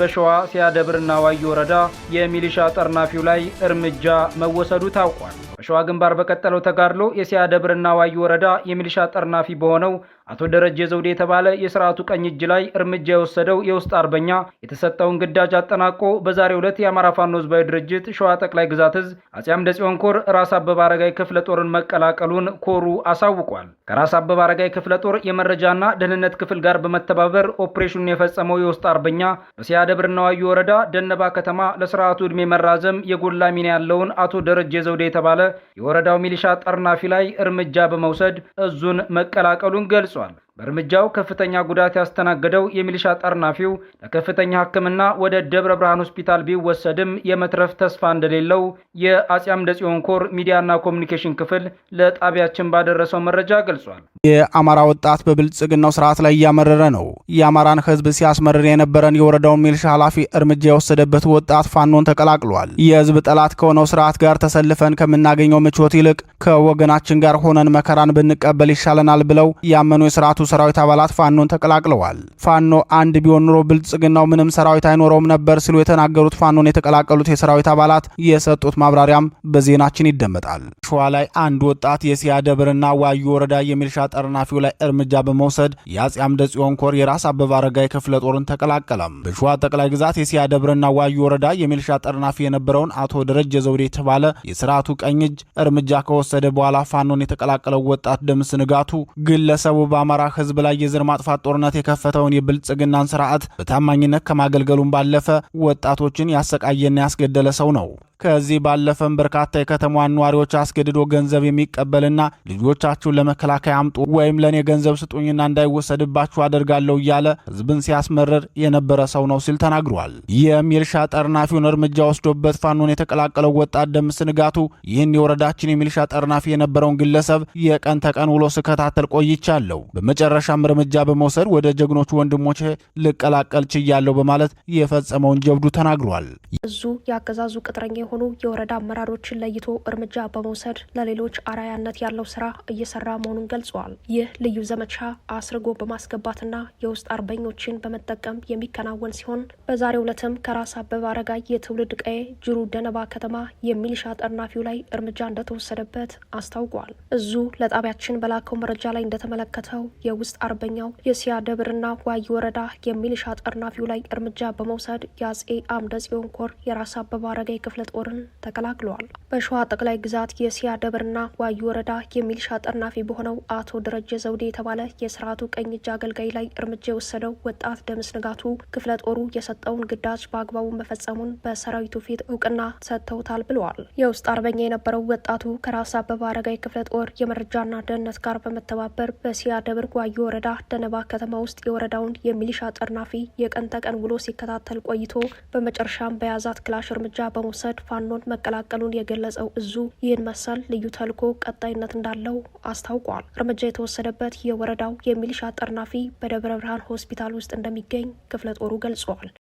በሸዋ ሲያደብርና ዋዩ ወረዳ የሚሊሻ ጠርናፊው ላይ እርምጃ መወሰዱ ታውቋል። በሸዋ ግንባር በቀጠለው ተጋድሎ የሲያደብርና ዋዩ ወረዳ የሚሊሻ ጠርናፊ በሆነው አቶ ደረጀ ዘውዴ የተባለ የስርዓቱ ቀኝ እጅ ላይ እርምጃ የወሰደው የውስጥ አርበኛ የተሰጠውን ግዳጅ አጠናቆ በዛሬው ዕለት የአማራ ፋኖ ህዝባዊ ድርጅት ሸዋ ጠቅላይ ግዛት እዝ አጼ አምደ ጽዮን ኮር ራስ አበበ አረጋይ ክፍለ ጦርን መቀላቀሉን ኮሩ አሳውቋል። ከራስ አበበ አረጋይ ክፍለ ጦር የመረጃና ደህንነት ክፍል ጋር በመተባበር ኦፕሬሽኑን የፈጸመው የውስጥ አርበኛ በሲያደብርና ዋዩ ወረዳ ደነባ ከተማ ለስርዓቱ ዕድሜ መራዘም የጎላ ሚና ያለውን አቶ ደረጀ ዘውዴ የተባለ የወረዳው ሚሊሻ ጠርናፊ ላይ እርምጃ በመውሰድ እዙን መቀላቀሉን ገልጿል። ገልጿል። በእርምጃው ከፍተኛ ጉዳት ያስተናገደው የሚሊሻ ጠርናፊው ለከፍተኛ ሕክምና ወደ ደብረ ብርሃን ሆስፒታል ቢወሰድም የመትረፍ ተስፋ እንደሌለው የአጼ አምደ ጽዮን ኮር ሚዲያና ኮሚኒኬሽን ክፍል ለጣቢያችን ባደረሰው መረጃ ገልጿል። የአማራ ወጣት በብልጽግናው ስርዓት ላይ እያመረረ ነው። የአማራን ህዝብ ሲያስመርር የነበረን የወረዳውን ሚልሻ ኃላፊ እርምጃ የወሰደበት ወጣት ፋኖን ተቀላቅሏል። የህዝብ ጠላት ከሆነው ስርዓት ጋር ተሰልፈን ከምናገኘው ምቾት ይልቅ ከወገናችን ጋር ሆነን መከራን ብንቀበል ይሻለናል ብለው ያመኑ የስርዓቱ ሰራዊት አባላት ፋኖን ተቀላቅለዋል። ፋኖ አንድ ቢሆን ኑሮ ብልጽግናው ምንም ሰራዊት አይኖረውም ነበር ሲሉ የተናገሩት ፋኖን የተቀላቀሉት የሰራዊት አባላት የሰጡት ማብራሪያም በዜናችን ይደመጣል። ሸዋ ላይ አንድ ወጣት የሲያ ደብርና ዋዩ ወረዳ የሚልሻ ጠርናፊው ላይ እርምጃ በመውሰድ የአጼ አምደ ጽዮን ኮር የራስ አበበ አረጋይ ክፍለ ጦርን ተቀላቀለም። በሸዋ ጠቅላይ ግዛት የሲያ ደብረና ዋዩ ወረዳ የሚልሻ ጠርናፊ የነበረውን አቶ ደረጀ ዘውዴ የተባለ የስርዓቱ ቀኝ እጅ እርምጃ ከወሰደ በኋላ ፋኖን የተቀላቀለው ወጣት ደምስ ንጋቱ ግለሰቡ በአማራ ህዝብ ላይ የዘር ማጥፋት ጦርነት የከፈተውን የብልጽግናን ስርዓት በታማኝነት ከማገልገሉን ባለፈ ወጣቶችን ያሰቃየና ያስገደለ ሰው ነው። ከዚህ ባለፈም በርካታ የከተማዋን ነዋሪዎች አስገድዶ ገንዘብ የሚቀበልና ልጆቻችሁን ለመከላከያ አምጡ ወይም ለእኔ ገንዘብ ስጡኝና እንዳይወሰድባችሁ አደርጋለሁ እያለ ህዝብን ሲያስመረር የነበረ ሰው ነው ሲል ተናግሯል። የሚልሻ ጠርናፊውን እርምጃ ወስዶበት ፋኖን የተቀላቀለው ወጣት ደምስ ንጋቱ ይህን የወረዳችን የሚልሻ ጠርናፊ የነበረውን ግለሰብ የቀን ተቀን ውሎ ስከታተል ቆይቻለሁ። በመጨረሻም እርምጃ በመውሰድ ወደ ጀግኖቹ ወንድሞች ልቀላቀል ችያለሁ በማለት የፈጸመውን ጀብዱ ተናግሯል። እዙ የአገዛዙ ቅጥረኛ የሆኑ የወረዳ አመራሮችን ለይቶ እርምጃ በመውሰድ ለሌሎች አራያነት ያለው ስራ እየሰራ መሆኑን ገልጿል። ተገልጿል። ይህ ልዩ ዘመቻ አስርጎ በማስገባትና የውስጥ አርበኞችን በመጠቀም የሚከናወን ሲሆን በዛሬው ዕለትም ከራስ አበበ አረጋይ የትውልድ ቀዬ ጅሩ ደነባ ከተማ የሚሊሻ ጠርናፊው ላይ እርምጃ እንደተወሰደበት አስታውቋል። እዙ ለጣቢያችን በላከው መረጃ ላይ እንደተመለከተው የውስጥ አርበኛው የሲያ ደብርና ዋይ ወረዳ የሚሊሻ ጠርናፊው ላይ እርምጃ በመውሰድ የአጼ አምደ ጽዮን ኮር የራስ አበበ አረጋይ ክፍለ ጦርን ተቀላቅለዋል። በሸዋ ጠቅላይ ግዛት የሲያ ደብርና ዋይ ወረዳ የሚሊሻ ጠርናፊ በሆነው አቶ ደረጀ ዘውዴ የተባለ የስርዓቱ ቀኝ እጅ አገልጋይ ላይ እርምጃ የወሰደው ወጣት ደምስ ንጋቱ ክፍለ ጦሩ የሰጠውን ግዳጅ በአግባቡ መፈጸሙን በሰራዊቱ ፊት እውቅና ሰጥተውታል ብለዋል። የውስጥ አርበኛ የነበረው ወጣቱ ከራስ አበበ አረጋይ ክፍለ ጦር የመረጃና ደህንነት ጋር በመተባበር በሲያ ደብር ጓዩ ወረዳ ደነባ ከተማ ውስጥ የወረዳውን የሚሊሻ ጠርናፊ የቀን ተቀን ውሎ ሲከታተል ቆይቶ በመጨረሻም በያዛት ክላሽ እርምጃ በመውሰድ ፋኖን መቀላቀሉን የገለጸው እዙ ይህን መሰል ልዩ ተልዕኮ ቀጣይነት እንዳለው አስታውቋል። እርምጃ የተወሰደበት የወረዳው የሚሊሻ ጠርናፊ በደብረ ብርሃን ሆስፒታል ውስጥ እንደሚገኝ ክፍለ ጦሩ ገልጿል።